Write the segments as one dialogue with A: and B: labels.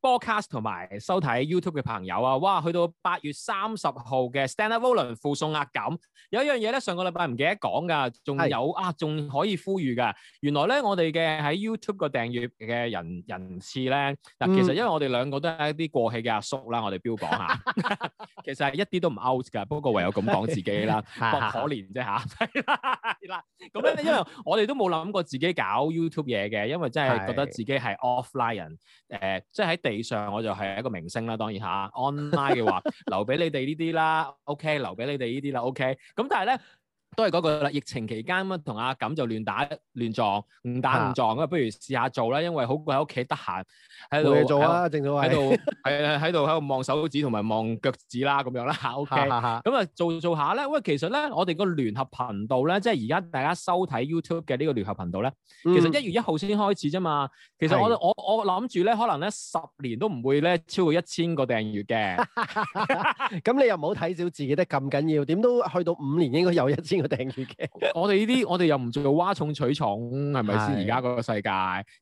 A: forecast 同埋收睇 YouTube 嘅朋友啊，哇！去到八月三十號嘅 Standard Roller 附送壓減，有一樣嘢咧，上個禮拜唔記得講噶，仲有是啊，仲可以呼籲噶。原來咧，我哋嘅喺 YouTube 個訂閱嘅人人次咧，嗱、啊，其實因為我哋兩個都係一啲過氣嘅阿叔啦，我哋標榜下，嗯、 其實係一啲都唔 out 噶，不過唯有咁講自己啦， 不可可憐啫吓。係 啦， 咁樣因為我哋都冇諗過自己搞 YouTube 嘢嘅，因為真係覺得自己係 offline 人、呃，誒，即係喺。地上我就係一個明星啦，當然吓、啊、online 嘅話 留俾你哋呢啲啦，OK，留俾你哋呢啲啦，OK。咁但係咧。都係嗰句啦，疫情期間啊，同阿錦就亂打亂撞，唔打唔撞咁的不如試下做啦，因為好過喺屋企得閒喺度做啊，正做喺度，喺喺度喺度望手指同埋望腳趾啦，咁樣啦，OK，咁啊的做一做一下咧，喂，其實咧，我哋個聯合頻道咧，即係而家大家收睇 YouTube 嘅呢個聯合頻道咧，其實一月一號先開始啫嘛，其實我的我我諗住咧，可能咧十年都唔會咧超過一千個訂閱嘅，
B: 咁 你又唔好睇少自己得咁緊要，點都去到五年應該有一
A: 千個。訂嘅， 我哋呢啲，我哋又唔做挖重取重，係咪先？而家是個世界，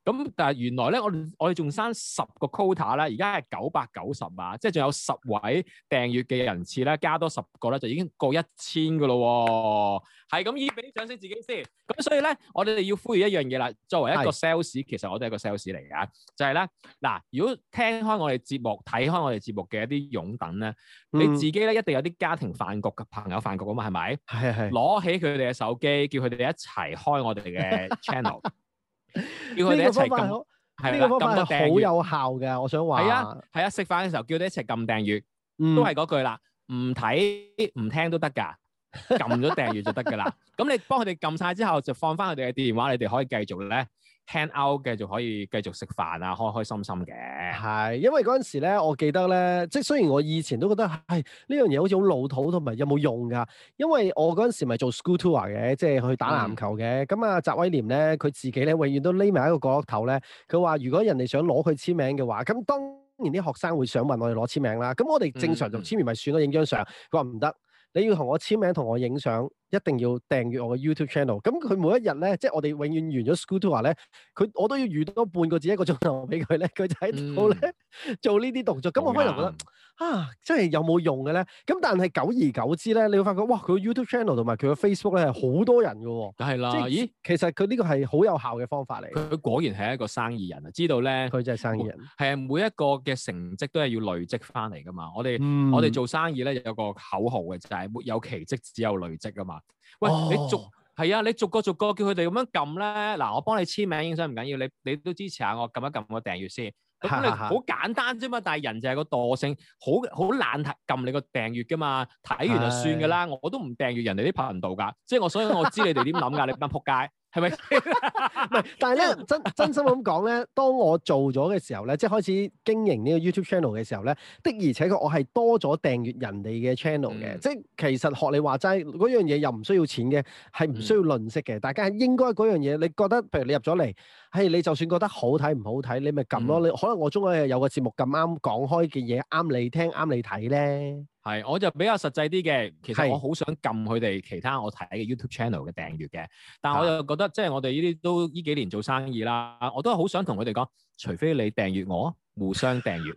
A: 咁但係原來咧，我我哋仲生十個 quota 咧，而家係九百九十啊，即係仲有十位訂閱嘅人次咧，加多十個咧，就已經過一千噶咯。係咁，依俾啲掌聲自己先。咁所以咧，我哋要呼籲一樣嘢啦。作為一個 sales，是其實我都係個 sales 嚟嘅，就係咧嗱。如果聽開我哋節目、睇開我哋節目嘅一啲擁躉咧，嗯、你自己咧一定有啲家庭飯局、朋友飯局啊嘛，係咪？係係是。攞起佢哋嘅手機，叫佢哋一齊開我哋嘅 channel，叫佢哋一齊撳，係啦，呢個好了有
B: 效嘅。我想話係啊，
A: 係啊，啊，食飯嘅時候叫你一齊撳訂閱，嗯、都係嗰句啦，唔睇唔聽都得㗎。撳咗訂閱就得噶啦，咁你幫佢哋撳晒之後，就放翻佢哋嘅電話，你哋可以繼續咧 hand out，繼續可以繼續食飯啊，開開心心嘅。
B: 係，因為嗰陣時咧，我記得咧，即係雖然我以前都覺得係呢樣嘢好似好老土同埋有冇用噶，因為我嗰陣時咪做 school tour 嘅，即係去打籃球嘅。咁啊、嗯，翟威廉咧，佢自己咧永遠都匿埋喺個角落頭咧，佢話如果人哋想攞佢簽名嘅話，咁當然啲學生會想問我哋攞簽名啦。咁我哋正常做簽名咪、嗯、算咯，影張相。佢話唔得。你要同我簽名，同我影相。一定要訂閱我嘅 YouTube channel。咁佢每一日咧，即係我哋永遠完咗 school tour 咧，佢我都要預多半個字一個鐘頭俾佢咧，佢就喺度咧做呢啲動作。咁、嗯、我可能覺得、嗯、啊，即係有冇用嘅咧？咁但係久而久之咧，你會發覺哇，佢 YouTube channel 同埋佢嘅 Facebook 咧，係好多人㗎喎、哦。係啦，即咦？其實佢呢個係好有效嘅方法嚟。佢
A: 果然係一個生意人啊！知道咧，佢真係生意人。係啊，每一個嘅成績都係要累積翻嚟㗎嘛。我哋、嗯、我哋做生意咧有個口號嘅，就係、是、沒有奇蹟，只有累積啊嘛。喂，哦、你逐係啊，你逐個逐個叫佢哋咁樣撳咧，嗱，我幫你簽名，影相唔緊要，你你都支持下我，撳一撳我訂閱先。咁你好 簡單啫嘛，但係人就係個惰性，好好懶撳你個訂閱噶嘛，睇完就算噶啦， 我都唔訂閱人哋啲拍頻道噶，即係我所以，我知你哋點諗噶， 你班樣扑街。係
B: 咪唔係？ 但係咧，真真心咁講咧，當我做咗嘅時候咧，即係開始經營呢個 YouTube channel 嘅時候咧的，的，的而且確我係多咗訂閱人哋嘅 channel 嘅。即係其實學你話齋嗰樣嘢又唔需要錢嘅，係唔需要吝嗇嘅。嗯、大家係應該嗰樣嘢，你覺得譬如你入咗嚟，係你就算覺得好睇唔好睇，你咪撳咯。嗯、你可能我中意有個節目咁啱講開件嘢啱你聽啱你睇咧。
A: 係，我就比較實際啲嘅，其實我好想撳佢哋其他我睇嘅 YouTube channel 嘅訂閱嘅，的但係我又覺得即係我哋呢啲都呢幾年做生意啦，我都係好想同佢哋講，除非你訂閱我，互相訂閱，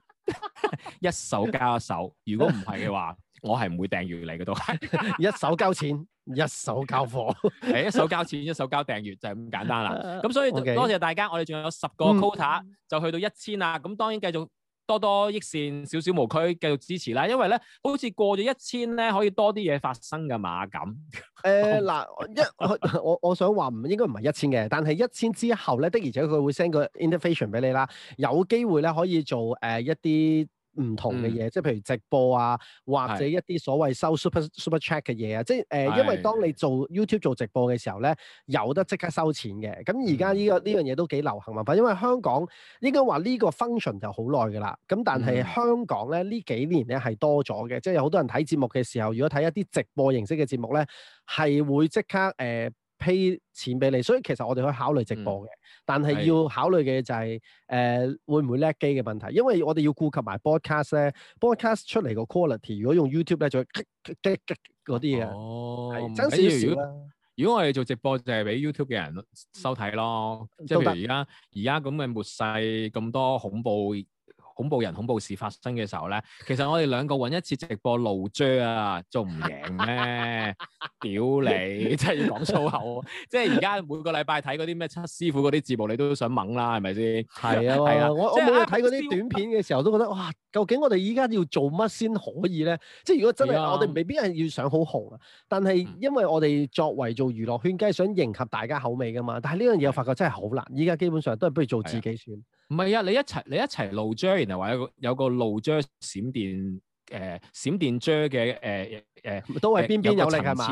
A: 一手交一手。如果唔係嘅話， 我係唔會訂閱你嘅都 一手交錢，一手交貨，係 一手交錢，一手交訂閱就係咁簡單啦。咁所以多謝大家，Okay. 我哋仲有十個 quota、嗯、就去到一千啦。咁當然繼續。多多益善，少少無拘，繼續支持啦。因為咧，好似過咗一千咧，可以多啲嘢發生㗎嘛，咁。誒嗱、呃 呃，
B: 一我我，我想話唔應該唔係一千嘅，但係一千之後咧的而且確會 send 個 information 俾你啦。有機會咧可以做誒、呃、一啲。唔同嘅嘢，嗯、即係譬如直播啊，或者一啲所謂收 super super check 嘅嘢啊，的即係誒、呃，因為當你做 YouTube 做直播嘅時候咧，有得即刻收錢嘅。咁而家呢個呢、嗯、樣嘢都幾流行文化，因為香港應該話呢個 function 就好耐噶啦。咁但係香港咧呢幾年咧係多咗嘅，即係、嗯、有好多人睇節目嘅時候，如果睇一啲直播形式嘅節目咧，係會即刻誒。呃 Pay 錢俾你，所以其實我哋可以考慮直播嘅，嗯、但係要考慮嘅就係、是、誒的、呃、會唔會叻機嘅問題，因為我哋要顧及埋 broadcast 咧 broadcast 出嚟個 quality，如果用 YouTube 咧，再激激激激嗰啲嘢，爭、哦、是少少、啊、如，
A: 如果我哋做直播，就係、是、俾 YouTube 嘅人收睇咯，即係譬如而家而家咁嘅末世咁多恐怖。恐怖人恐怖事發生嘅時候咧，其實我哋兩個揾一次直播露鋸啊，做唔贏咩？屌 你真要、啊！真係要講粗口！即係而家每個禮拜睇嗰啲咩七師傅嗰啲節目，你都想猛啦，係咪先？係 啊，係啊，我我冇睇
B: 嗰啲短片嘅時候都覺得哇！究竟我哋依家要做乜先可以咧？即係如果真係、啊、我哋未必係要想好紅啊，但係因為我哋作為做娛樂圈，梗係想迎合大家口味噶嘛。但係呢樣嘢我發覺真係好難。依家基本上都係不如做自己算。
A: 唔係啊！你一齊你一齊露 j，然後話有個有個露 j 閃電誒閃電 j 嘅誒誒，都係邊邊有力噶嘛？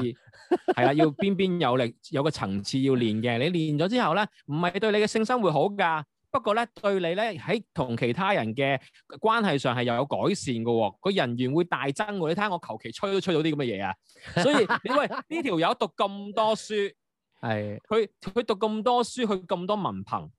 A: 係啦，要邊邊有力，有個層次要練嘅。你練咗之後咧，唔係對你嘅性生活好噶，不過咧對你咧喺同其他人嘅關係上係又有改善噶。個人緣會大增噶。你睇下我求其吹都吹到啲咁嘅嘢啊！所以你喂呢條友讀咁多書，係佢佢讀咁多書，佢咁多文憑。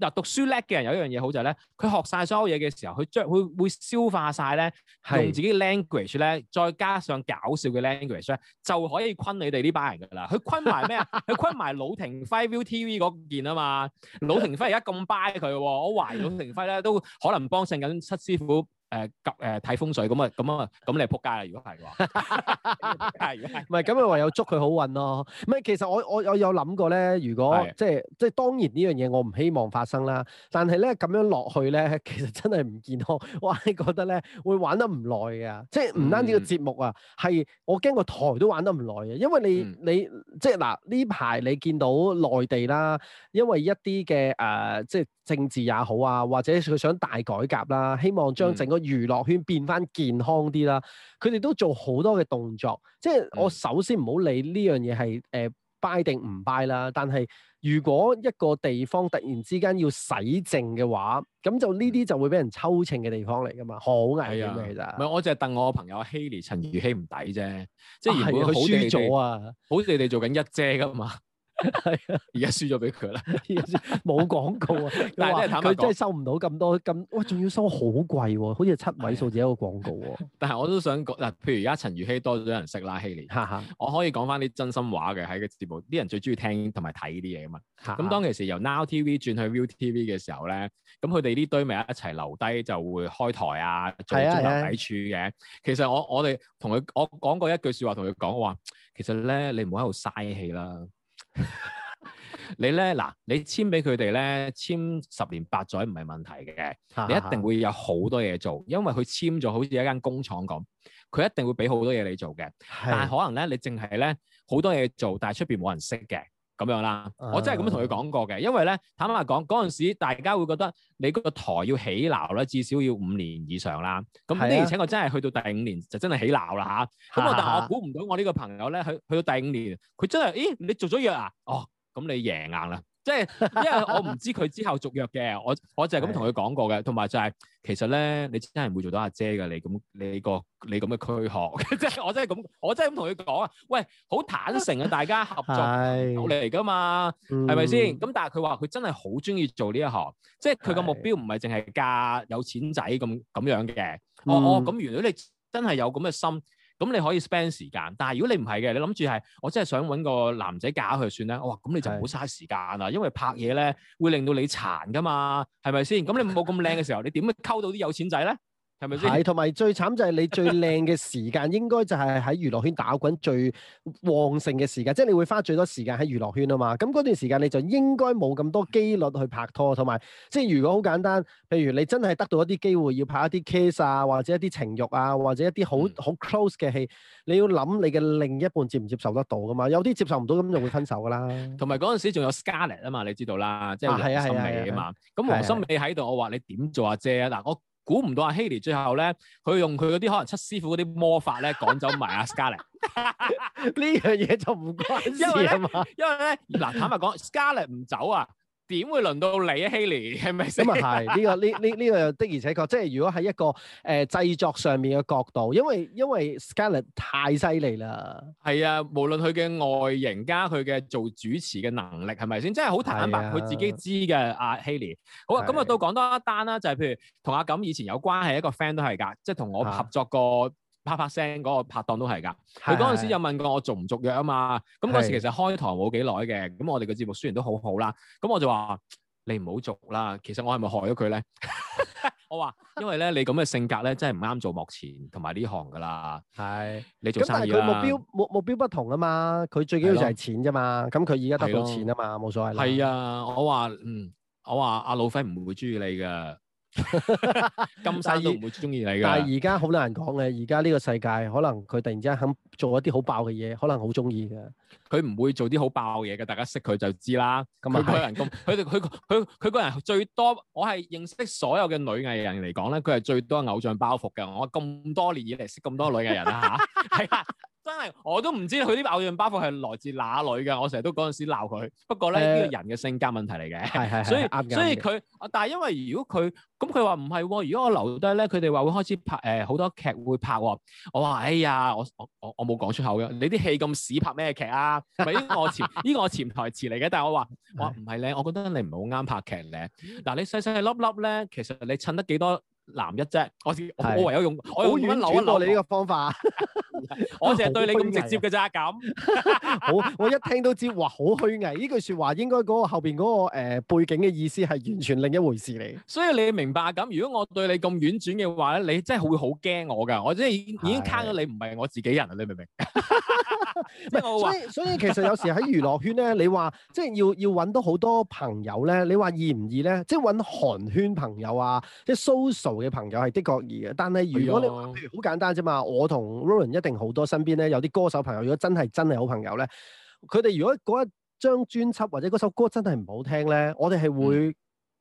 A: 嗱，讀書叻嘅人有一樣嘢好就係咧，佢學晒所有嘢嘅時候，佢將會會消化晒咧，用自己嘅 language 咧，再加上搞笑嘅 language 咧，就可以昆你哋呢班人噶啦。佢昆埋咩啊？佢昆埋魯庭暉 ViuTV 嗰件啊嘛。魯庭暉而家咁 buy 佢，我懷疑魯庭暉咧都可能幫襯緊七師傅。誒及誒睇風水咁啊，咁啊，咁你係撲街啦！如果係嘅話，係如果係，
B: 唔係咁咪話有祝佢好運咯？唔係，其實我我我有諗過咧，如果即係即係當然呢樣嘢我唔希望發生啦。但係咧咁樣落去咧，其實真係唔健康。我係覺得咧會玩得唔耐嘅，即係唔單止個節目啊，係、嗯、我驚個台都玩得唔耐啊。因為你、嗯、你即係嗱呢排你見到內地啦，因為一啲嘅誒即係政治也好啊，或者佢想大改革啦，希望將整個。娛樂圈變翻健康啲啦，佢哋都做好多嘅動作。即係我首先唔好理呢樣嘢係誒 buy 定唔 buy 啦。但係如果一個地方突然之間要洗淨嘅話，咁就呢啲、嗯、就會俾人抽秤嘅地方嚟㗎嘛，好危險㗎其實。唔係、
A: 哎、我淨係戥我朋友希妮陳如希唔抵啫，即係如果好，佢輸咗啊好，好似你哋做緊一姐㗎嘛。係 啊，而家輸咗俾佢啦，冇廣、啊、告
B: 啊， 但係佢真係收唔到咁多咁，哇，仲要收好貴喎，好似七位數字一個廣告。
A: 但係我都想講，嗱，譬如而家陳玉希多咗人識啦，希尼，我可以講翻啲真心話嘅喺個節目，啲人最中意聽同埋睇呢啲嘢啊嘛。咁 當其時由 Now TV 轉去 ViuTV 嘅時候咧，咁佢哋呢堆咪一齊留低就會開台啊，做中流 砥柱嘅。 其實我我哋同佢我講過一句說話，同佢講，我話其實咧，你唔好喺度嘥氣啦。 你咧嗱，你簽俾佢哋咧，簽十年八載唔係問題嘅， 你一定會有好多嘢做，因為佢簽咗好似一間工廠咁，佢一定會俾好多嘢你做嘅，的但係可能咧你淨係咧好多嘢做，但係出邊冇人識嘅。咁樣啦，uh, 我真係咁樣同佢講過嘅，因為咧坦白講，嗰陣時大家會覺得你嗰個台要起樓咧，至少要五年以上啦。咁呢，而且我真係去到第五年就真係起樓啦嚇。咁、uh, 啊、但係我估唔到我呢個朋友咧，去去到第五年，佢真係，咦？你做咗藥啊？哦，咁你贏硬啦。即係， 因為我唔知佢之後續約嘅，我我是就係咁同佢講過嘅。同埋就係，其實咧，你真係唔會做到阿姐㗎，你咁、這個、你個你咁嘅拒學，即 係我真係咁，我真係咁同佢講啊。喂，好坦誠啊， 大家合作努力嚟噶嘛，係咪先？咁但係佢話佢真係好中意做呢一行，即係佢個目標唔係淨係嫁有錢仔咁咁樣嘅。我我咁，原來你真係有咁嘅心。咁你可以 spend 時間，但係如果你唔係嘅，你諗住係我真係想搵個男仔嫁佢算啦。哇，話咁你就唔好嘥時間啦，的因為拍嘢咧會令到你殘噶嘛，係咪先？咁你冇咁靚嘅時候， 你點樣溝到啲有錢仔咧？係，同
B: 埋最慘就係你最靚嘅時間，應該就係喺娛樂圈打滾最旺盛嘅時間，即係你會花最多時間喺娛樂圈啊嘛。咁嗰段時間你就應該冇咁多機率去拍拖，同埋即係如果好簡單，譬如你真係得到一啲機會要拍一啲 case 啊，或者一啲情欲啊，或者一啲好好 close 嘅戲，你要諗你嘅另一半接唔接受得到噶嘛？有啲接受唔到，咁就會分手噶啦。
A: 同埋嗰陣時仲有 Scarlett 啊嘛，你知道啦，即係黃心美啊嘛。咁黃心美喺度，我話你點做阿姐啊？嗱，我。估唔到阿希尼最後咧，佢用佢嗰啲可能七師傅嗰啲魔法咧，趕走埋、啊、阿 Scarlett。 呢樣嘢就唔關事啊嘛，因為咧，嗱 坦白講，Scarlett 唔走啊。點會輪到你啊，Haley？係咪？咁啊係呢
B: 個呢呢呢個的而且確，即係如果喺一個誒、呃、製作上面嘅角度，因為因為 Skelly 太犀利啦。
A: 係啊，無論佢嘅外形加佢嘅做主持嘅能力，係咪先？真係好坦白，佢是、啊、自己知嘅啊，Haley。好是啊，咁啊，到講多一單啦，就係、是、譬如同阿錦以前有關係，一個 friend 都係㗎，即係同我合作過。啪啪聲嗰個拍檔都係㗎，佢嗰陣時有問過我續唔續約啊嘛，咁嗰時其實開台冇幾耐嘅，咁我哋嘅節目雖然都好好啦，咁我就話你唔好續啦，其實我係咪害咗佢咧？ 我話因為咧你咁嘅性格咧，真係唔啱做幕前同埋呢行㗎啦。係， 你做生意啦。目標，
B: 目目標不同啊嘛，佢最緊要就係錢啫嘛，咁佢而家得到錢啊嘛，冇的所謂啦。係啊，
A: 我話嗯，我話阿老輝唔會中意你㗎。 金山都唔會最中意你噶，但係而
B: 家好難講嘅。而家呢個世界，可能佢突然之間肯做一啲好爆嘅嘢，可能好中意噶。
A: 佢唔會做啲好爆嘢噶，大家識佢就知啦。佢 人咁，佢哋佢佢佢個人最多，我係認識所有嘅女藝人嚟講咧，佢係最多偶像包袱嘅。我咁多年以嚟識咁多女藝人 啊，吓係啊。真係，我都唔知佢啲偶像包袱係來自哪裏㗎。我成日都嗰陣時鬧佢。不過咧，呢個、欸、人嘅性格問題嚟嘅。係係係。所以的所以佢，但係因為如果佢咁，佢話唔係喎。如果我留低咧，佢哋話會開始拍誒好、呃、多劇會拍喎、哦。我話哎呀，我我我冇講出口嘅。你啲戲咁屎，拍咩劇啊？俾、這個、我潛，呢 個我潛台詞嚟嘅。但係我話我唔係咧，我覺得你唔係好啱拍劇咧。嗱，你細細粒粒咧，其實你襯得幾多？男一啫，我我唯有用的我好點樣扭一扭，一扭，一扭你呢個方法？我淨係對你咁直接嘅咋。咁
B: 好我一聽都知，哇好虛偽！呢 句說話應該嗰、那個後邊嗰、那個誒、呃、背景嘅意思係完全
A: 另一回事嚟。所以你明白咁？如果我對你咁婉轉嘅話咧，你真係會好驚我噶。我即係已經的已經卡咗你，唔係我自己人啊！你明唔明？ 所以所以其實
B: 有時喺娛樂圈咧， 你話即係要要揾到好多朋友咧，你話易唔易咧？即係揾韓圈朋友啊，即係 social 嘅朋友係的確易嘅。但係如果你，哦、譬如好簡單啫嘛，我同 Ron 一定好多身邊咧有啲歌手朋友，如果真係真係好朋友咧，佢哋如果嗰一張專輯或者嗰首歌真係唔好聽咧，我哋係會。嗯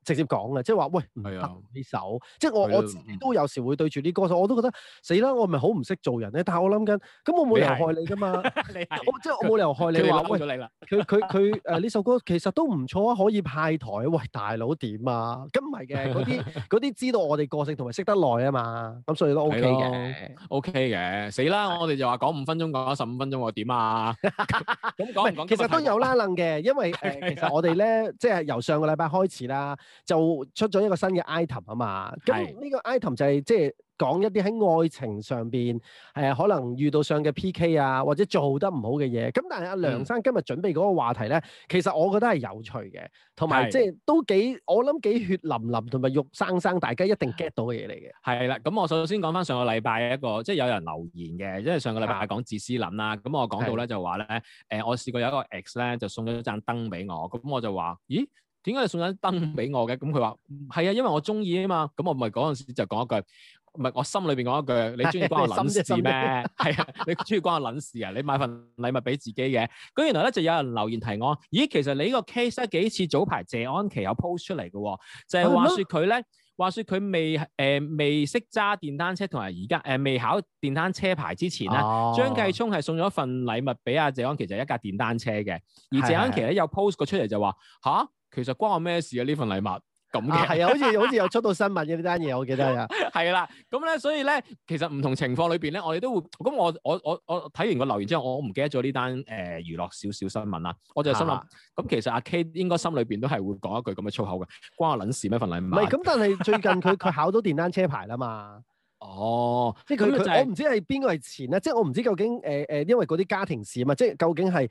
B: 直接講啦，即係話喂唔係啊，呢首，即係我我都有時會對住啲歌手，我都覺得死啦！我咪好唔識做人咧？但係我諗緊，咁我冇理由害你噶嘛。你即係我冇理由害你話喂。佢佢佢誒呢首歌其實都唔錯啊，可以派台喂，大佬點啊？咁唔係嘅，嗰啲嗰啲知道我哋個性同埋識得耐啊嘛。咁所以都 OK 嘅
A: ，OK 嘅。死啦！我哋就話講五分鐘講十五分鐘我點啊？咁
B: 講唔講？其實都有拉楞嘅，因為其實我哋咧即係由上個禮拜開始啦。就出咗一個新嘅 item 啊嘛，咁呢個 item 就係即係講一啲喺愛情上邊誒、呃、可能遇到上嘅 PK 啊，或者做得唔好嘅嘢。咁但係阿、啊、梁生今日準備嗰個話題咧，其實我覺得係有趣嘅，同埋即係都幾我諗幾血淋淋，同埋肉生生，大家一定 get 到嘅嘢嚟嘅。
A: 係啦，咁我首先講翻上個禮拜一個即係有人留言嘅，因為上個禮拜係講自私諗啦。咁的我講到咧就話咧，誒、呃、我試過有一個 ex 咧就送咗一盞燈俾我，咁我就話咦。點解你送緊燈俾我嘅？咁佢話係啊，因為我中意啊嘛。咁我咪嗰陣時就講一句，唔係我心裏邊講一句，你中意關我撚事咩？係啊，你中意關我撚事啊？你，你買份禮物俾自己嘅。咁原來咧就有人留言提我：「咦，其實你呢個 case 咧幾次早排謝安琪有 post 出嚟嘅、啊，就係、是、話説佢咧話説佢未誒、呃、未識揸電單車同埋而家誒未考電單車牌之前咧、啊，oh. 張繼聰係送咗一份禮物俾阿、啊、謝安琪，就係一架電單車嘅。而謝安琪咧有 post 過出嚟就話吓。」其實關我咩事啊？呢份禮物咁嘅，係啊，啊，好似好
B: 似有出到新聞嘅呢單嘢，我記得 啊，
A: 係啦，咁咧，所以咧，其實唔同情況裏邊咧，我哋都會，咁我我我我睇完個留言之後，我唔記得咗呢單誒娛樂少少新聞啦，我就心諗，咁、啊、其實阿 K 應該心裏邊都係會講一句咁嘅粗口嘅，關我撚事咩？啊？份禮物？唔係，咁
B: 但係最近佢佢 考到電單車牌啦嘛？
A: 哦，即係他佢、就是、我唔
B: 知係邊個係前咧，即係我唔知究竟誒誒、呃呃，因為嗰啲家庭事啊嘛，即係究竟係。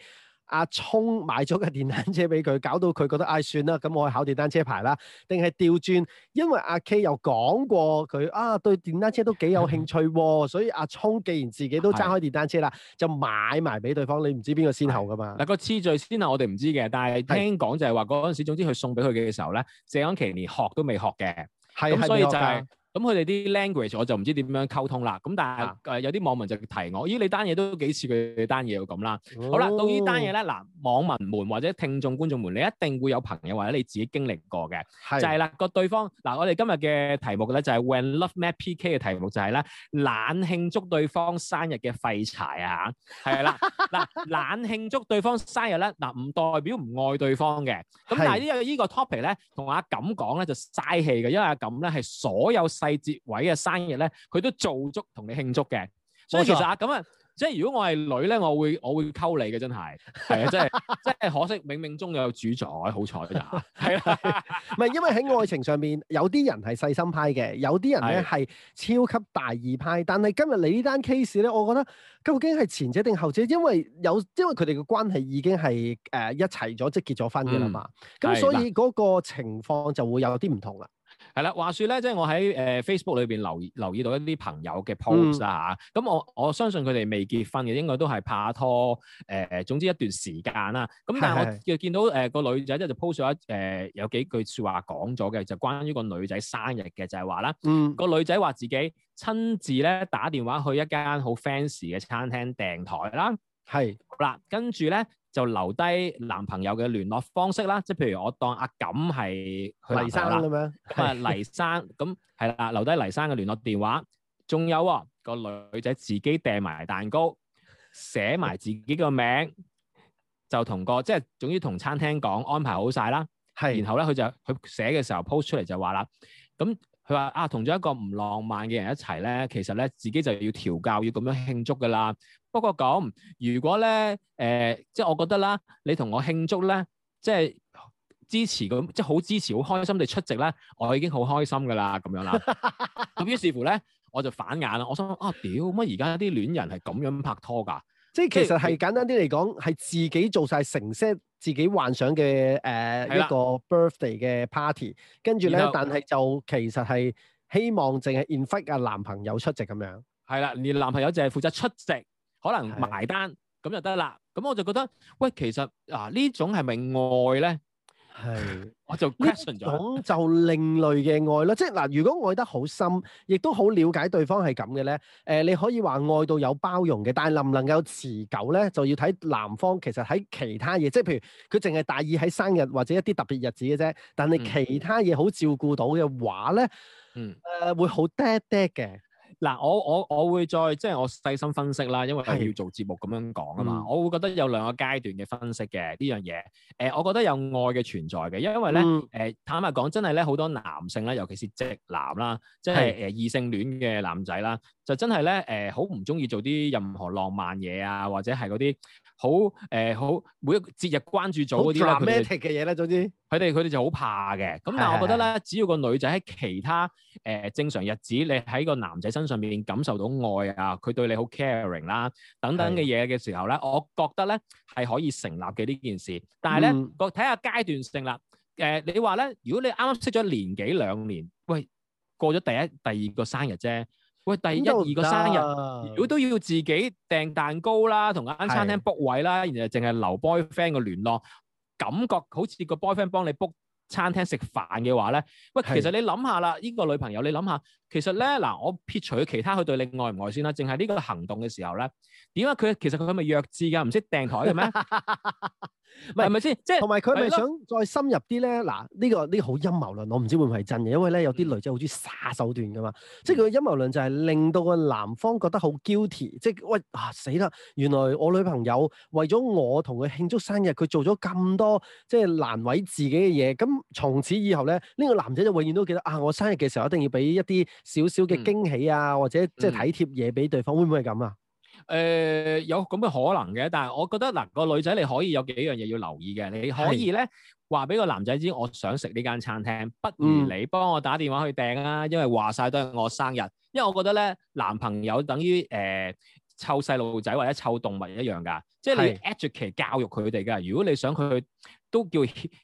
B: 阿聰買咗個電單車俾佢，搞到佢覺得唉、哎、算啦，咁我可以考電單車牌啦。定係調轉，因為阿 K 又講過佢啊對電單車都幾有興趣喎，的所以阿聰既然自己都揸開電單車啦，的就買埋俾對方。你唔知邊個先後噶嘛？
A: 嗱個次序先後我哋唔知嘅，但係聽講就係話嗰陣時，總之佢送俾佢嘅時候咧，謝安琪連學都未學嘅，咁的所以就係、是。咁佢哋啲 language 我就唔知點樣溝通啦。咁但係誒有啲網民就提我咦你單嘢都幾似佢單嘢咁啦。好啦，到呢單嘢咧嗱，網民們或者聽眾觀眾們，你一定會有朋友或者你自己經歷過嘅，就係啦個對方嗱，我哋今日嘅題目咧就係 When Love Met PK，嘅題目就係咧懶慶祝對方生日嘅廢柴啊，係啦嗱，懶慶祝對方生日咧嗱，唔代表唔愛對方嘅。咁但係呢個呢個 topic 咧同阿錦講咧就嘥氣嘅，因為阿錦咧係所有。細節位嘅生日咧，佢都做足同你慶祝嘅，沒錯 所以其實咁啊，即係如果我係女咧，我會我會溝你嘅，真係係啊，即係即係可惜冥冥中有主宰，好彩咋，係啊，
B: 唔係因為喺愛情上面，有啲人係細心派嘅，有啲人咧係超級大意派，但係今日你呢單 case 咧，我覺得究竟係前者定後者，因為有因為佢哋嘅關係已經係誒、呃、一齊咗，即係結咗婚嘅啦嘛，咁所以嗰個情況就會有啲
A: 唔同啦。係啦，話說咧，即係我喺誒 Facebook 裏邊留意留意到一啲朋友嘅 post 啦嚇、嗯，咁、啊、我我相信佢哋未結婚嘅，應該都係拍拖，誒總之一段時間啦。咁、嗯、的但係我見到誒個、呃、女仔咧就 post 咗、呃、有幾句說話講咗嘅，就關於個女仔生，生日嘅，就係話啦，個、嗯、女仔話自己親自咧打電話去一間好 fancy 嘅餐廳訂台啦，係的，好啦，跟住咧。就留低男朋友嘅聯絡方式啦，即係譬如我當阿錦係黎生咁樣，啊黎生咁係啦，留低黎生嘅聯絡電話。仲有啊個女仔自己訂埋蛋糕，寫埋自己嘅名，就同個即係總之同餐廳講安排好曬啦。係，然後咧佢就佢寫嘅時候 post 出嚟就話啦，咁佢話啊同咗一個唔浪漫嘅人一齊咧，其實咧自己就要調教，要咁樣慶祝噶啦。不過咁，如果咧，誒、呃，即係我覺得啦，你同我慶祝咧，即係支持咁，即係好支持、好開心地出席咧，我已經好開心㗎啦，咁樣啦。咁 於是乎咧，我就反眼啦，我想，啊，屌乜而家啲戀人係咁樣拍拖㗎？即
B: 係其實係簡單啲嚟講，係你自己做晒成色，自己幻想嘅誒、呃、的一個 birthday 嘅 party 跟。跟住咧，但係就其實係希望淨係 invite 男朋友出席咁樣。
A: 係啦，而男朋友淨係負責出席。可能埋單咁就得啦，咁我就覺得喂，其實嗱呢種係咪愛咧？係，我就 question 咗。呢種就
B: 另類嘅愛咯，即係嗱，如果愛得好深，亦都好了解對方係咁嘅咧，誒，你可以話愛到有包容嘅，但係能唔能夠持久咧，就要睇男方其實喺其他嘢，即係譬如佢淨係大意喺生日或者一啲特別日子嘅啫，但係其他嘢好照顧到嘅話咧，誒，會好爹爹嘅。
A: 嗱，我我我會再即係我細心分析啦，因為係要做節目咁樣講啊嘛，的我會覺得有兩個階段嘅分析嘅呢樣嘢。誒、呃，我覺得有愛嘅存在嘅，因為咧，誒、嗯呃，坦白講，真係咧好多男性啦，尤其是直男啦，即係誒異性戀嘅男仔啦，的就真係咧誒好唔中意做啲任何浪漫嘢啊，或者係嗰啲。好誒，好、呃、每一節日關注組嗰啲啦，佢哋嘅嘢啦，總之佢哋佢哋就好怕嘅。咁是的 但係我覺得咧，是的 只要個女仔喺其他誒、呃、正常日子，你喺個男仔身上面感受到愛啊，佢對你好 caring 啦、啊，等等嘅嘢嘅時候咧，是的 我覺得咧係可以成立嘅呢件事。但係咧，個睇下階段性啦。誒、呃，你話咧，如果你啱啱識咗年幾兩年，喂，過咗第一第二個生日啫。喂，第一二個生日如果都要自己訂蛋糕啦，同間餐廳 book 位啦，的然後淨係留 boyfriend 嘅聯絡，感覺好似個 boyfriend 幫你 book 餐廳食飯嘅話咧，喂，其實你諗下啦，呢的個女朋友你諗下，其實咧嗱，我撇除其他佢對你愛唔愛先啦，淨係呢個行動嘅時候咧，點解佢其實佢係咪弱智噶？唔識訂台嘅咩？ 唔係咪先？即係同埋佢係咪想
B: 再深入啲咧？嗱，呢、 呢個呢好陰謀論，我唔知會唔會係真嘅，因為咧有啲女仔好中意耍手段噶嘛。嗯、即係佢嘅陰謀論就係令到個男方覺得好 guilty，即係喂啊死啦！原來我女朋友為咗我同佢慶祝生日，佢做咗咁多即係難為自己嘅嘢。咁從此以後咧，呢、呢個男仔就永遠都記得啊！我生日嘅時候一定要俾一啲少少嘅驚喜啊，嗯、或者即係體貼嘢俾對方，會唔會係咁啊？
A: 誒、呃、有咁嘅可能嘅，但係我覺得嗱、呃嗰個女仔你可以有幾樣嘢要留意嘅，你可以咧話俾個男仔知，我想食呢間餐廳，不如你幫我打電話去訂啊，因為話晒都係我生日，因為我覺得咧男朋友等於誒湊細路仔或者湊動物一樣㗎，即係你 educate 教育佢哋㗎。是如果你想佢去，都叫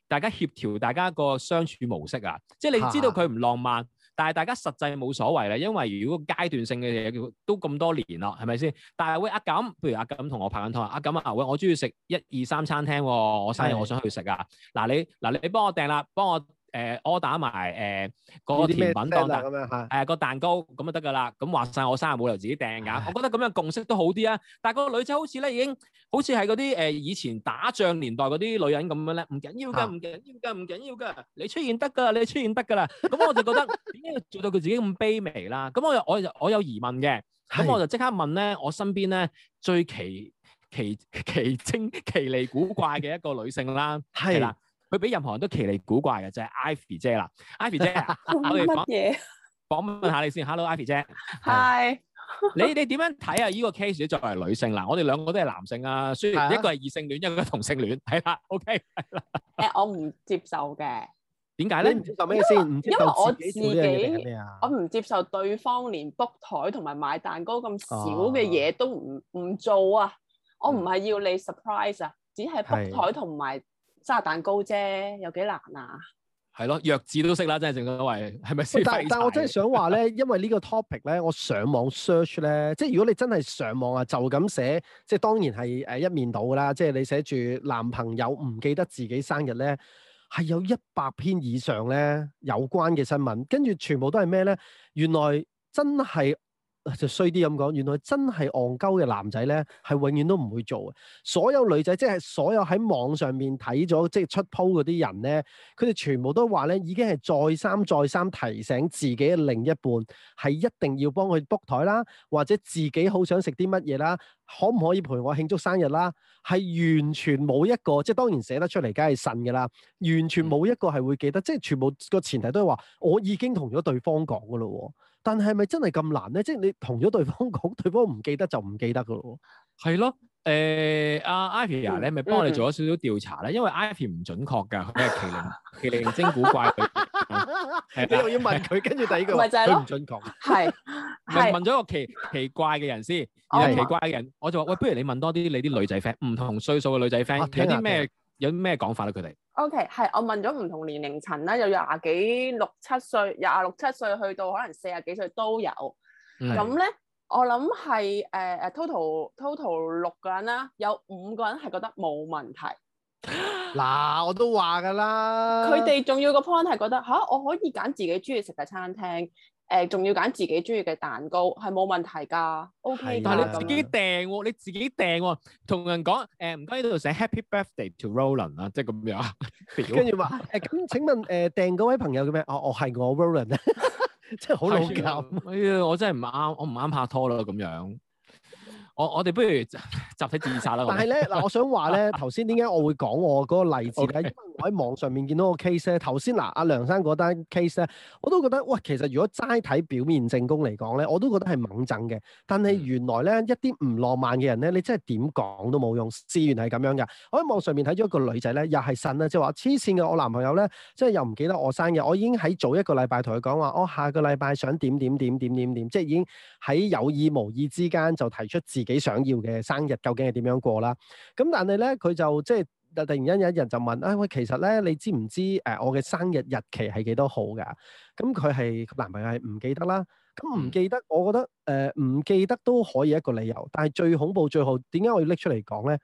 A: 大家協，大家協調大家個相處模式啊，即係你知道佢唔浪漫。但係大家實際冇所謂啦，因為如果階段性嘅嘢都咁多年啦，係咪先？但係喂，阿錦，譬如阿錦同我拍緊拖，阿錦啊喂，我中意食一二三餐廳喎，我生日我想去食的啊，嗱你嗱、啊、你幫我訂啦，幫我。誒，order 埋誒個甜品當得，誒個蛋糕咁就得噶啦，咁話晒我生日冇理由自己訂㗎，我覺得咁樣共識都好啲啊！但係個女仔好似咧已經，好似係嗰啲誒以前打仗年代嗰啲女人咁樣咧，唔緊要㗎，唔緊要㗎，唔緊要㗎，你出現得㗎，你出現得㗎啦。咁我就覺得點解做到佢自己咁卑微啦？咁我又我又我有疑問嘅，咁我就即刻問咧，我身邊咧最奇奇奇精、奇離古怪嘅一個女性啦，係啦。佢俾任何人都奇離古怪嘅，就係、是、Ivy 姐啦。Ivy 姐 我哋訪，訪麼問下你先。Hello，Ivy 姐。h Hi. 你你點樣睇啊？呢、這個 case 作為女性嗱，我哋兩個都係男性啊，雖然一個係異性戀、啊，一個同性戀，係啦、啊。OK、啊。誒、呃，我唔接受嘅。點解咧？咁樣先，因為我自己，我唔接受對方連 book 台同埋買蛋糕咁少嘅嘢都唔唔做啊！我唔係要你 surprise 啊，只係 book 台同埋。揸蛋糕啫，有幾難啊？係咯，弱智都識啦，真係正 因為係咪先？但但係我真係
B: 想話咧，因為呢個 topic 咧，我上網 search 咧，即係如果你真係上網啊，就咁寫，即係當然係誒一面倒㗎啦。即係你寫住男朋友唔記得自己生日咧，係有一百篇以上咧有關嘅新聞，跟住全部都係咩咧？原來真係～就衰啲咁講，原來真係戇鳩嘅男仔咧，係永遠都唔會做嘅。所有女仔，即係所有喺網上面睇咗即係出 post 嗰啲人咧，佢哋全部都話咧，已經係再三再三提醒自己嘅另一半，係一定要幫佢 book 台啦，或者自己好想食啲乜嘢啦，可唔可以陪我慶祝生日啦？係完全冇一個，即係當然寫得出嚟，梗係信㗎啦。完全冇一個係會記得，嗯、即係全部個前提都係話，我已經同咗對方講㗎咯。但係咪真係咁難咧？即係你同咗對方講，對
A: 方唔記得就唔記得噶咯喎。係咯，誒阿 Ivy 咧，你咪幫我哋做咗少少調查咧，因為 Ivy 唔準確㗎，佢係奇零奇零精古怪，你又要問佢，跟住第二句唔係就係咯，唔準確，係問咗個奇奇怪嘅人先，然後奇怪嘅人，我就話喂，不如你問多啲你啲女仔 friend，唔同歲數嘅女仔 friend 睇啲咩？有咩講法咧？佢哋 O K 係我問咗唔同年齡層啦，有廿幾六七歲，廿六七歲去到可能四十幾歲都有。
B: 咁咧、
A: 嗯，我諗係誒誒 total total 六個人啦，有五個人係覺得冇問題。
B: 嗱、啊，我都
A: 話㗎啦。佢哋仲要個 point 係覺得吓、啊，我可以揀自己中意食嘅餐廳。誒，仲要揀自己中意嘅蛋糕，係冇問題噶，OK。但係你自己訂喎，你自己訂喎，同人講，誒，唔該呢度寫 Happy Birthday to Roland 啦，即係咁樣。跟住話，
B: 誒，咁請問，誒，訂嗰位朋友叫咩？哦哦，係我 Roland 啊，
A: 真係好老尷。哎呀，我真係唔啱，我唔啱拍拖咯，咁樣。我我哋不如集體自殺啦。但係咧，嗱，我想話咧，
B: 頭先點解我會講我嗰個例子咧？喺網上面見到個 case 咧，頭、啊、先嗱，阿梁生嗰單 case 咧，我都覺得喂，其實如果齋睇表面證供嚟講咧，我都覺得係猛震嘅。但係原來咧，一啲唔浪漫嘅人咧，你真係點講都冇用，事源係咁樣嘅。我喺網上面睇咗一個女仔咧，又係呻啦，即係話黐線嘅。我男朋友咧，即係又唔記得我生日。我已經喺早一個禮拜同佢講話，我下個禮拜想點點點點點點，即係已經喺有意無意之間就提出自己想要嘅生日，究竟係點樣過啦？咁但係咧，佢就即係。突然間有一日就問啊、哎、喂，其實咧你知唔知誒、呃、我嘅生日日期係幾多號㗎？咁佢係男朋友係唔記得啦。咁、嗯、唔記得，我覺得誒唔、呃、記得都可以一個理由。但係最恐怖最好點解我要拎出嚟講咧？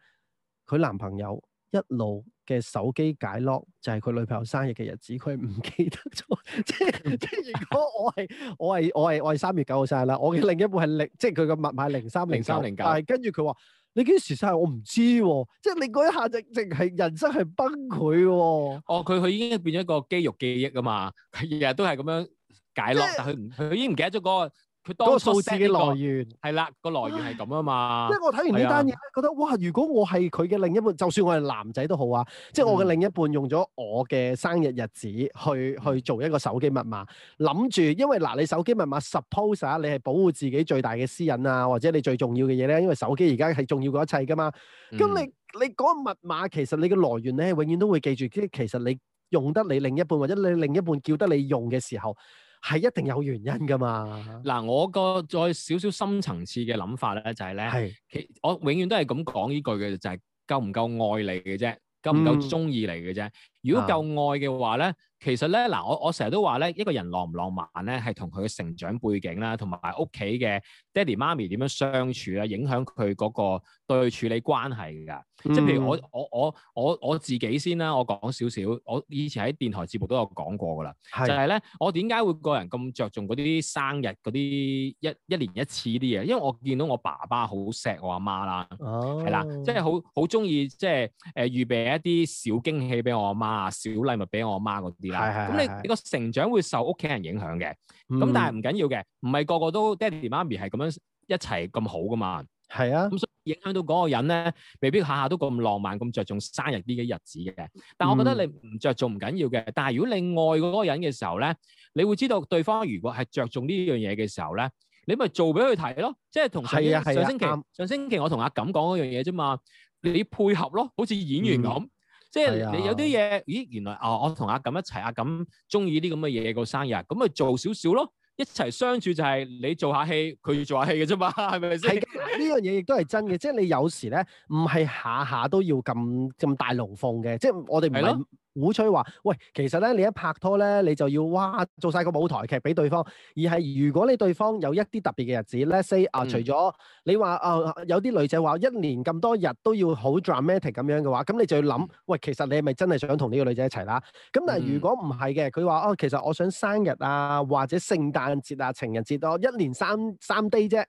B: 佢男朋友一路嘅手機解 lock 就係、是、佢女朋友生日嘅日子，佢唔記得咗。 即即如果我係我係我係我係三月九號生日啦，我嘅另一半係零，即係佢嘅密碼零三零三零九，但係跟住佢話：你幾時生日？我唔知喎、哦。即係你嗰一下，就淨係人生係崩潰喎。
A: 哦，佢佢、哦、已經變咗個肌肉記憶啊嘛，佢日日都係咁樣解 lock，是但佢佢已經唔記得咗嗰個。佢嗰、這個、個數字嘅來源係啦，個來源係咁啊嘛。即、啊、因為我睇完呢單嘢咧，
B: 啊、覺得哇！如果我係佢嘅另一半，就算我係男仔都好啊。即係我嘅另一半用咗我嘅生日日子去、嗯、去做一個手機密碼，諗住，因為嗱、呃，你手機密碼 suppose 你係保護自己最大嘅私隱啊，或者你最重要嘅嘢咧。因為手機而家係重要過一切噶嘛。咁、嗯、你你嗰個密碼其實你嘅來源咧，永遠都會記住。即其實你用得你另一半，或者你另一半叫得你用嘅時候。係一定有原因噶嘛？
A: 嗱，我個再少少深層次嘅諗法咧，就係、是、咧是，我永遠都係咁講呢句嘅，就係、是、夠唔夠愛你嘅啫，夠唔夠中意嚟嘅啫。嗯。如果夠愛嘅話咧，啊、其實咧嗱，我我成日都話咧，一個人浪唔浪漫咧，係同佢嘅成長背景啦，同埋屋企嘅爹地媽咪點樣相處啦，影響佢嗰個對佢處理關係㗎。即係、嗯、譬如我我我我我自己先啦，我講少少，我以前喺電台節目都有講過㗎啦，是的 就係咧，我點解會個人咁着重嗰啲生日嗰啲一一年一,一次啲嘢？因為我見到我爸爸好錫我阿媽啦，係、哦、啦，即係好好中意即係誒、呃、預備一啲小驚喜俾我阿媽。啊！小禮物俾我阿媽嗰啲啦，咁是的 你是的 你個成長會受屋企人影響嘅，咁、嗯、但係唔緊要嘅，唔係個個都爹哋媽咪係咁樣一齊咁好噶嘛，係啊，咁所以影響到嗰個人咧，未必下下都咁浪漫，咁着重生日啲嘅日子嘅。但係我覺得你唔着重唔緊要嘅，但係如果你愛嗰個人嘅時候咧，你會知道對方如果係着重呢樣嘢嘅時候咧，你咪做俾佢睇咯，即係同上，是的 上星期上星期我同阿錦講嗰樣嘢啫嘛，你配合咯，好似演員咁。即係的你有啲嘢，咦？原來啊、哦，我同阿錦一齊，阿錦中意啲咁嘅嘢個生日，咁咪做少少咯。一齊相處就係你做下戲，佢要做下戲嘅啫嘛，係咪先？係
B: 嘅， 呢樣嘢亦都係真嘅。即係你有時咧，唔係下下都要咁咁大龍鳳嘅。即係我哋咪。係。鼓吹話，喂，其實咧，你一拍拖咧，你就要哇做晒個舞台劇俾對方。而係如果你對方有一啲特別嘅日子，let's say 啊，呃嗯、除咗你話啊、呃，有啲女仔話一年咁多日都要好 dramatic 咁樣嘅話，咁你就要諗，嗯、喂，其實你係咪真係想同呢個女仔一齊啦？咁但係如果唔係嘅，佢話哦，其實我想生日啊，或者聖誕節啊、情人節哦、啊，一年三三 day 啫。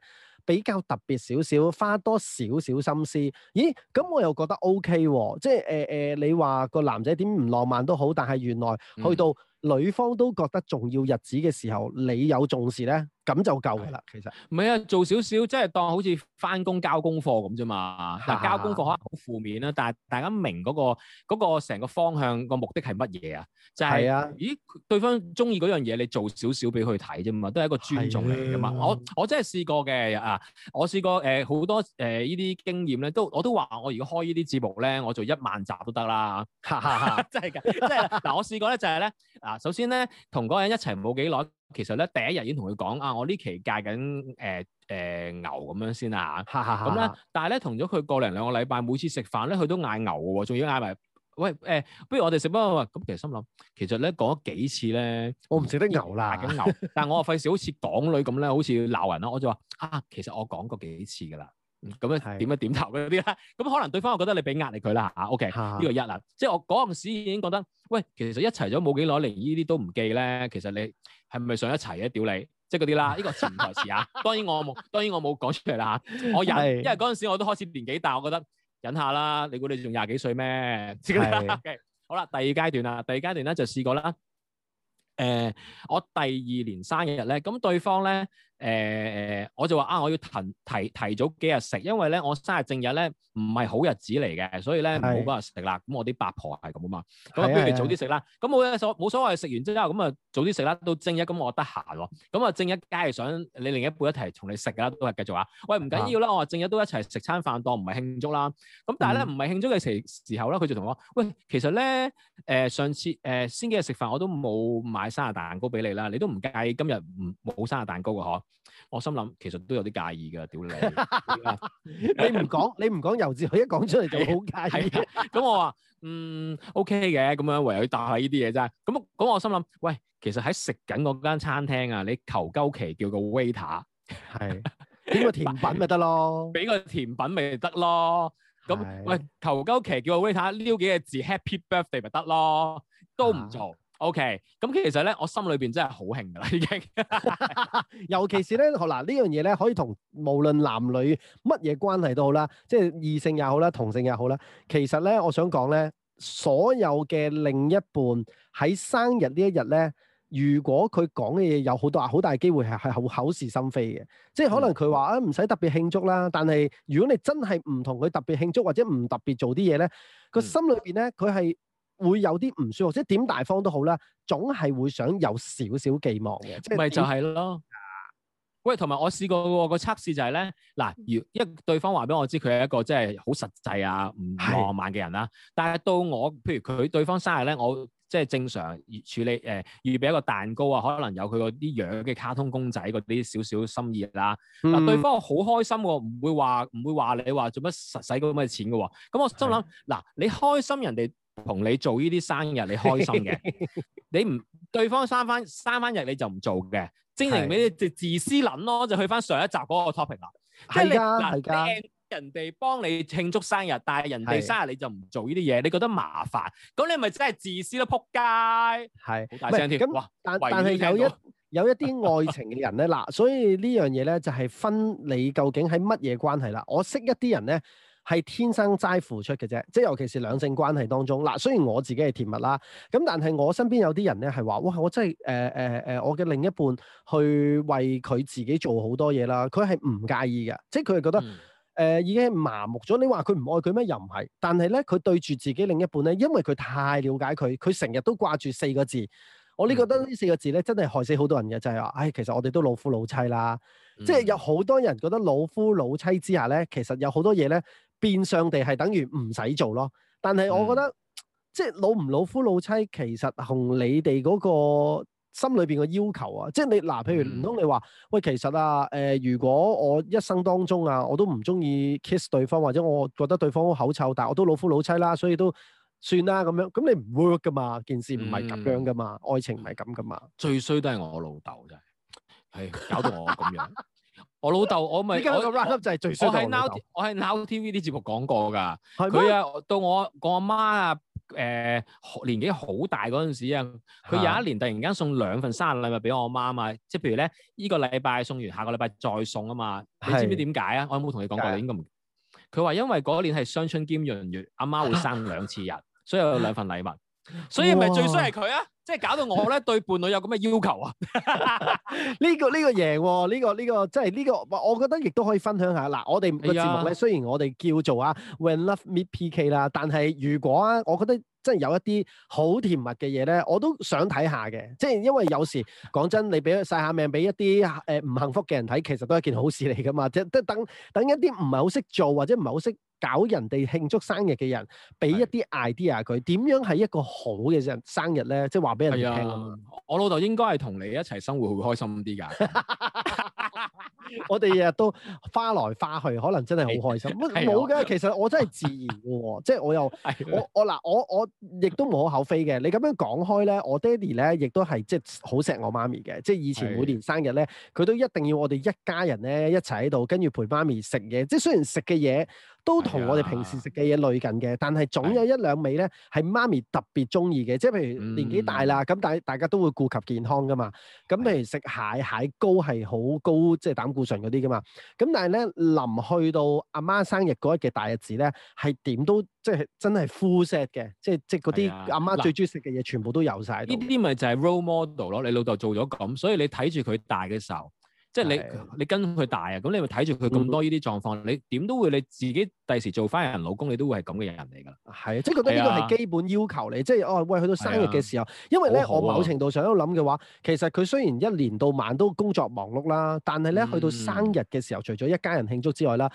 B: 比較特別少少，花多少少心思，咦？咁我又覺得 OK 啊，即係誒誒，你話個男仔點唔浪漫都好，但係原來去到。嗯女方都覺得重要日子嘅時候，你有重視咧，咁就夠噶啦。其實
A: 唔係啊，做少少即係當好似翻工交功課咁啫嘛。嗱、啊，交功課可能好負面啦、啊，但係大家明嗰、嗰個成、嗰個、個方向個目的係乜嘢啊？就係、係啊、咦，對方中意嗰樣嘢，你做少少俾佢睇啫嘛，都係一個尊重嚟噶嘛。的我我真係試過嘅啊，我試過誒好、呃、多誒呢啲經驗咧，都我都話我如果開呢啲節目咧，我做一萬集都得啦。哈哈 真係㗎，即係嗱，我試過咧就係、係、咧。就係咧首先咧，同嗰人一齊冇幾耐，嗯、其實咧第一日已經同佢講啊，我呢期戒緊誒誒牛咁樣先啦、啊、嚇。咁咧， 但係咧同咗佢個零兩個禮拜，每次食飯咧，佢都嗌牛喎、哦，仲要嗌埋，喂誒、呃，不如我哋食乜咁。其實心諗，其實咧講咗幾次咧，我唔食得牛啦，牛 但係我話費事好似港女咁咧，好似鬧人啦、啊，我就話啊，其實我講過幾次噶啦。.咁咧點一點頭嗰啲咧，咁可能對方我覺得你俾壓力佢啦嚇，OK 呢個一啦，啊、即係我嗰陣時已經覺得，喂，其實一齊咗冇幾耐，連依啲都唔記咧，其實你係咪想一齊嘅？屌你，即係嗰啲啦，呢、呢個潛台詞啊， 當然我冇，當然我冇講出嚟啦嚇，我忍，是因為嗰陣時我都開始年紀大，我覺得忍下啦。你估你仲廿幾歲咩？係是， okay，好啦，第二階段啦，第二階段咧就試過啦。誒、呃，我第二年生日咧，咁對方咧。誒誒、呃，我就話啊，我要提提提早幾日食，因為咧我生日正日咧唔係好日子嚟嘅，所以咧冇嗰日食啦。咁是我啲八婆係咁啊嘛，咁的不如早啲食啦。咁冇的所冇的所，所謂，食完之後咁啊早啲食啦。到正日咁我得閒喎，咁啊正日梗係想你另一半一齊同你食噶啦，都係繼續啊。喂，唔緊要啦，的我話正日都一齊食餐飯當唔係慶祝啦。咁但係咧唔係慶祝嘅時時候啦，佢就同我講喂，其實咧誒、呃、上次誒、呃、先幾日食飯我都冇買生日蛋糕俾你啦，你都唔計今日唔冇生日蛋糕嘅呵？我心諗其實都有啲介意㗎，屌你！你唔講 你唔講油字，佢一講出嚟就好介意。咁我話嗯 OK 嘅，咁樣唯有答下呢啲嘢啫。咁咁我心諗，喂，其實喺食緊嗰間餐廳啊，你求鳩期叫個 waiter，係俾個甜品咪得咯，俾個甜品咪得咯。咁喂、啊嗯，求鳩期叫個 waiter，撩幾個字 Happy Birthday 咪得咯，都唔做。啊 O K，咁其實咧，我心裏邊真係好興噶啦，已經。
B: 尤其是咧，好啦，呢樣嘢咧，可以同無論男女乜嘢關係都好啦，即係異性也好啦，同性也好啦。其實咧，我想講咧，所有嘅另一半喺生日呢一日咧，如果佢講嘅嘢有好多啊，好大機會係係口是心非嘅。即係可能佢話啊，唔使特別慶祝啦。但係如果你真係唔同佢特別慶祝，或者唔特別做啲嘢咧，佢心裏邊咧，佢係。會有啲唔舒服，即係點大方都好啦，總係會想有少少寄望嘅，即係咪就係咯？
A: 喂，同埋我試過、個測試就係咧，嗱，如因對方話俾我知佢係一個即係好實際啊，唔浪漫嘅人啦、啊。是但係到我，譬如佢對方生日咧，我即係正常處理誒，預、呃、備一個蛋糕啊，可能有佢嗰啲樣嘅卡通公仔嗰啲少少心意啦、啊。嗱、嗯啊，對方好開心嘅、哦，唔會話唔會話你話做乜實使咁嘅錢嘅、啊。咁我心諗，嗱是，你開心人哋。同你做呢啲生日，你開心嘅。你唔對方生翻生翻日，你就唔做嘅。精靈，畀你就自私諗咯，就去翻上一集嗰個 topic 啦。係啊，係人哋幫你慶祝生日，但係人哋生日你就唔做呢啲嘢，你覺得麻煩。咁你咪真係自私咯，撲街。係，好大聲添，唔係咁，但但係有一
B: 有一啲愛情嘅人咧，嗱，所以呢樣嘢咧就係分你究竟喺乜嘢關係啦。我識一啲人咧。係天生齋付出嘅啫，即係尤其是兩性關係當中嗱。雖然我自己係甜蜜啦，咁但係我身邊有啲人咧係話，哇！我真係誒誒誒，我嘅另一半去為佢自己做好多嘢啦，佢係唔介意嘅，即係佢係覺得誒、嗯呃、已經麻木咗。你話佢唔愛佢咩？又唔係。但係咧，佢對住自己另一半咧，因為佢太了解佢，佢成日都掛住四個字。我呢個覺得呢四個字咧，真係害死好多人嘅，就係、是、話，唉、哎，其實我哋都老夫老妻啦。嗯、即係有好多人覺得老夫老妻之下咧，其實有好多嘢咧。變相地係等於唔使做咯，但係我覺得、嗯、即係老唔老夫老妻，其實同你哋嗰個心裏邊嘅要求啊，即係你嗱，譬如唔通你話喂，其實啊誒、呃，如果我一生當中啊，我都唔中意 kiss 對方，或者我覺得對方好口臭，但係我都老夫老妻啦，所以都算啦咁樣，咁你唔 work 噶嘛？件事唔係咁樣噶嘛，嗯、愛情唔係咁噶嘛。
A: 最衰都係我老豆啫，真係、哎、搞到我咁樣。 我老豆我咪我就係最衰我係 Now TV 啲節目講過㗎，佢啊嗎到我我阿媽啊誒、呃、年紀好大嗰陣時啊，佢有一年突然間送兩份生日禮物俾我媽，媽嘛，即係譬如咧呢、呢個禮拜送完，下個禮拜再送啊嘛，是你知唔知點解啊？我有冇同你講過，的你應該唔佢話因為嗰年係雙春兼閏月，阿媽，媽會生兩次人， 所以我有兩份禮物，所以咪最衰係佢啊！即係搞到我咧對伴侶有咁嘅要求啊！
B: 呢、 這個呢、這個贏喎，呢、這個呢個即係呢個，我覺得亦都可以分享下嗱，我哋個節目咧雖然我哋叫做啊，When love meet PK 啦，但係如果啊，我覺得真係有一啲好甜蜜嘅嘢咧，我都想睇下嘅。即係因為有時講真，你俾晒下命俾一啲誒唔幸福嘅人睇，其實都係一件好事嚟噶嘛。即係等等一啲唔係好識做或者唔係好識。搞人哋慶祝生日嘅人，俾一啲 idea 佢點樣係一個好嘅人生日咧？即係話俾人哋聽，
A: 我老豆應該係同你一齊生活會開心啲㗎。
B: 我哋日日都花來花去，可能真係好開心。冇嘅，其實我真係自然嘅喎。即係我又我我嗱，我我亦都無可厚非嘅。你咁樣講開咧，我爹哋咧亦都係即係好錫我媽咪嘅。即係以前每年生日咧，佢都一定要我哋一家人咧一齊喺度，跟住陪媽咪食嘢。即係雖然食嘅嘢。都同我哋平時食嘅嘢類近嘅，哎、呀但係總有一兩味咧係是媽咪特別中意嘅，即係譬如年紀大啦，咁但係大家都會顧及健康噶嘛。咁是譬如食蟹、蟹膏係好高即係、就是、膽固醇嗰啲噶嘛。咁但係咧臨去到阿媽，媽生日嗰日嘅大日子咧，係點都、就是啊、即係真係 full set 嘅，即係即係嗰啲阿媽最中意食嘅嘢全部都有晒。
A: 呢啲咪就係 role model 咯，你老豆做咗咁，所以你睇住佢大嘅時候。即係你的你跟佢大啊，咁你咪睇住佢咁多呢啲狀況，嗯、你點都會你自己第時做翻人老公，你都會係咁嘅人嚟㗎啦。係啊的，的即係覺得呢個係基
B: 本要求你，即、就、係、是、哦喂，去到生日嘅時候，的因為咧、啊、我某程度上都諗嘅話，其實佢雖然一年到晚都工作忙碌啦，但係咧、嗯、去到生日嘅時候，除咗一家人慶祝之外啦，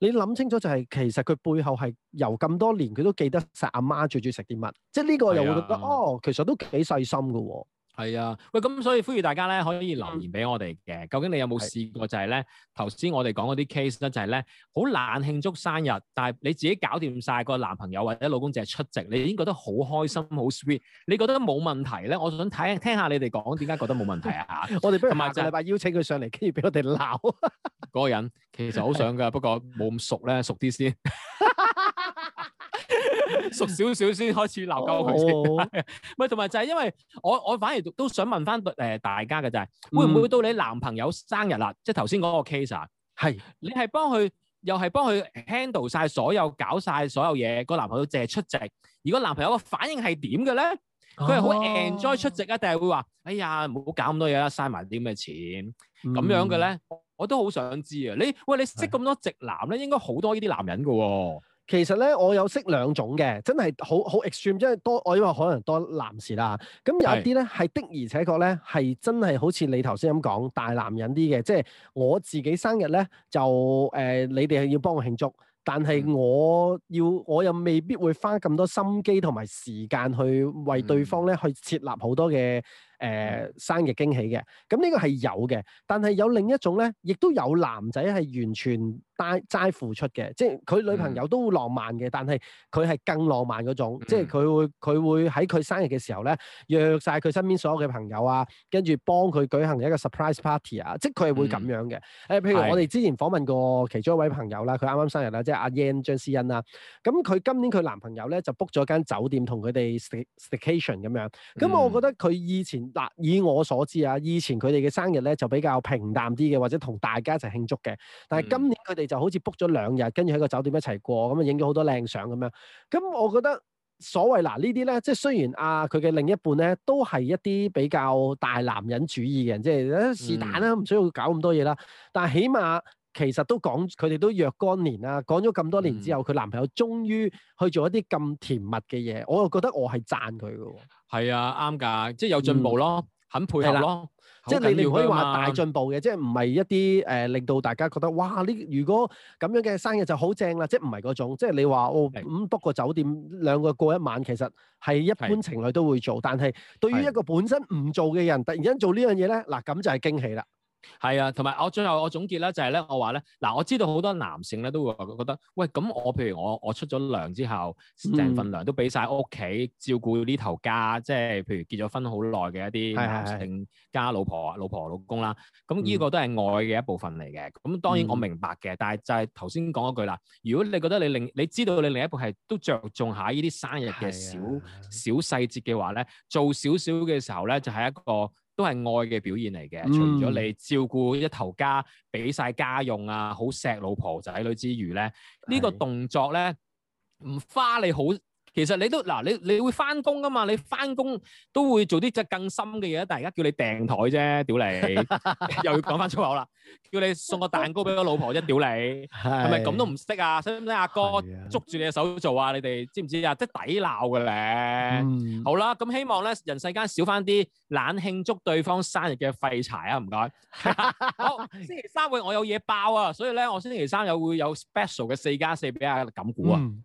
B: 你諗清楚就係、是、其實佢背後係由咁多年佢都記得曬阿媽最鍾意食啲乜，即係呢個又會覺得的的哦，哦，其實都幾細心㗎喎。
A: 係啊，喂，咁所以呼籲大家咧可以留言俾我哋嘅，究竟你有冇試過就係咧，頭先我哋講嗰啲 case 咧，就係咧好懶慶祝生日，但係你自己搞掂晒個男朋友或者老公淨係出席，你已經覺得好開心好 sweet，你覺得冇問題咧？我想睇聽下你哋講點解覺得冇問題啊？吓， 我哋不如就同埋個禮拜邀請佢上嚟，跟住俾我哋鬧嗰個人，其實好想噶，不過冇咁熟咧，熟啲先。 熟少少先開始鬧交佢，唔係同埋就係因為我我反而都想問翻誒大家嘅就係會唔會到你男朋友生日啦？即係頭先講個 case 啊，係你係幫佢又係幫佢 handle 晒，所有搞晒所有嘢，個男朋友淨係出席。如果男朋友嘅反應係點嘅咧？佢係好 enjoy 出席啊，定係會話哎呀唔好搞咁多嘢啦，嘥埋啲咩錢咁樣嘅咧？我都好想知啊！你喂你識咁多直男咧，應該好多呢啲男人噶。其實咧，我有識兩種嘅，真係好好
B: extreme，即係多，我因為可能多男士啦。咁有一啲咧，係的而且確咧，係真係好似你頭先咁講，大男人啲嘅，即係我自己生日咧，就誒、呃，你哋係要幫我慶祝，但係我要我又未必會花咁多心機同埋時間去為對方咧去設立好多嘅。誒生日驚喜嘅，咁呢個係有嘅，但係有另一種咧，亦都有男仔係完全戴齋付出嘅，即係佢女朋友都浪漫嘅，但係佢係更浪漫嗰種，即係佢會佢會喺佢生日嘅時候咧約晒佢身邊所有嘅朋友啊，跟住幫佢舉行一個 surprise party 啊，即係佢係會咁樣嘅。誒，譬如我哋之前訪問過其中一位朋友啦，佢啱啱生日啦，即係阿 Yan 張詩欣啦，咁佢今年佢男朋友咧就 book 咗間酒店同佢哋 staycation 咁樣，咁我覺得佢以前。嗱，以我所知啊，以前佢哋嘅生日咧就比較平淡啲嘅，或者同大家一齊慶祝嘅。但係今年佢哋就好似 book 咗兩日，跟住喺個酒店一齊過，咁啊影咗好多靚相咁樣。咁、嗯、我覺得所謂嗱呢啲咧，即係雖然啊佢嘅另一半咧都係一啲比較大男人主義嘅人，即係是但啦，唔、啊、需要搞咁多嘢啦。但係起碼其實都講佢哋都若干年啦，講咗咁多年之後，佢、嗯、男朋友終於去做一啲咁甜蜜嘅嘢，我又覺得我係讚佢嘅。
A: 係啊，啱㗎，即係有進步咯，嗯、肯配合咯，即係了你哋可以話大進
B: 步嘅，即係唔係一啲誒、呃、令到大家覺得哇！呢如果咁樣嘅生日就好正啦，即係唔係嗰種，即係你話哦，咁 book 個酒店兩個過一晚，其實係一般情侶都會做，的但係對於一個本身唔做嘅人的突然間做呢樣嘢咧，嗱咁就係驚喜啦。
A: 係啊，同埋我最後我總結咧就係、是、咧，我話咧嗱，我知道好多男性咧都會覺得，喂，咁我譬如我我出咗糧之後，成、嗯、份糧都俾晒屋企照顧呢頭家，即係譬如結咗婚好耐嘅一啲男性加老婆、老婆、老公啦，咁呢、嗯、個都係愛嘅一部分嚟嘅。咁當然我明白嘅，嗯、但係就係頭先講嗰句啦，如果你覺得你另你知道你另一半係都着重下呢啲生日嘅小，是小小細節嘅話咧，做少少嘅時候咧就係、是、一個。就是一個都係愛嘅表現嚟嘅，嗯、除咗你照顧一頭家，俾曬家用啊，好錫老婆仔女之餘咧，呢是個動作咧唔花你好。其實你都嗱，啊，你你會翻工噶嘛？你翻工都會做啲即係更深嘅嘢，但係而家叫你訂台啫，屌你！ 又要講翻粗口啦，叫你送個蛋糕俾我老婆，一屌你，係咪咁都唔識啊？使唔使阿哥捉住你嘅手做啊？你哋知唔知啊？即、就、係、是、抵鬧嘅咧。嗯、好啦，咁希望咧，人世間少翻啲懶慶祝對方生日嘅廢柴啊！唔該。好，星期三會我有嘢爆啊，所以咧我星期三有會有 special 嘅四加四俾阿錦估啊。嗯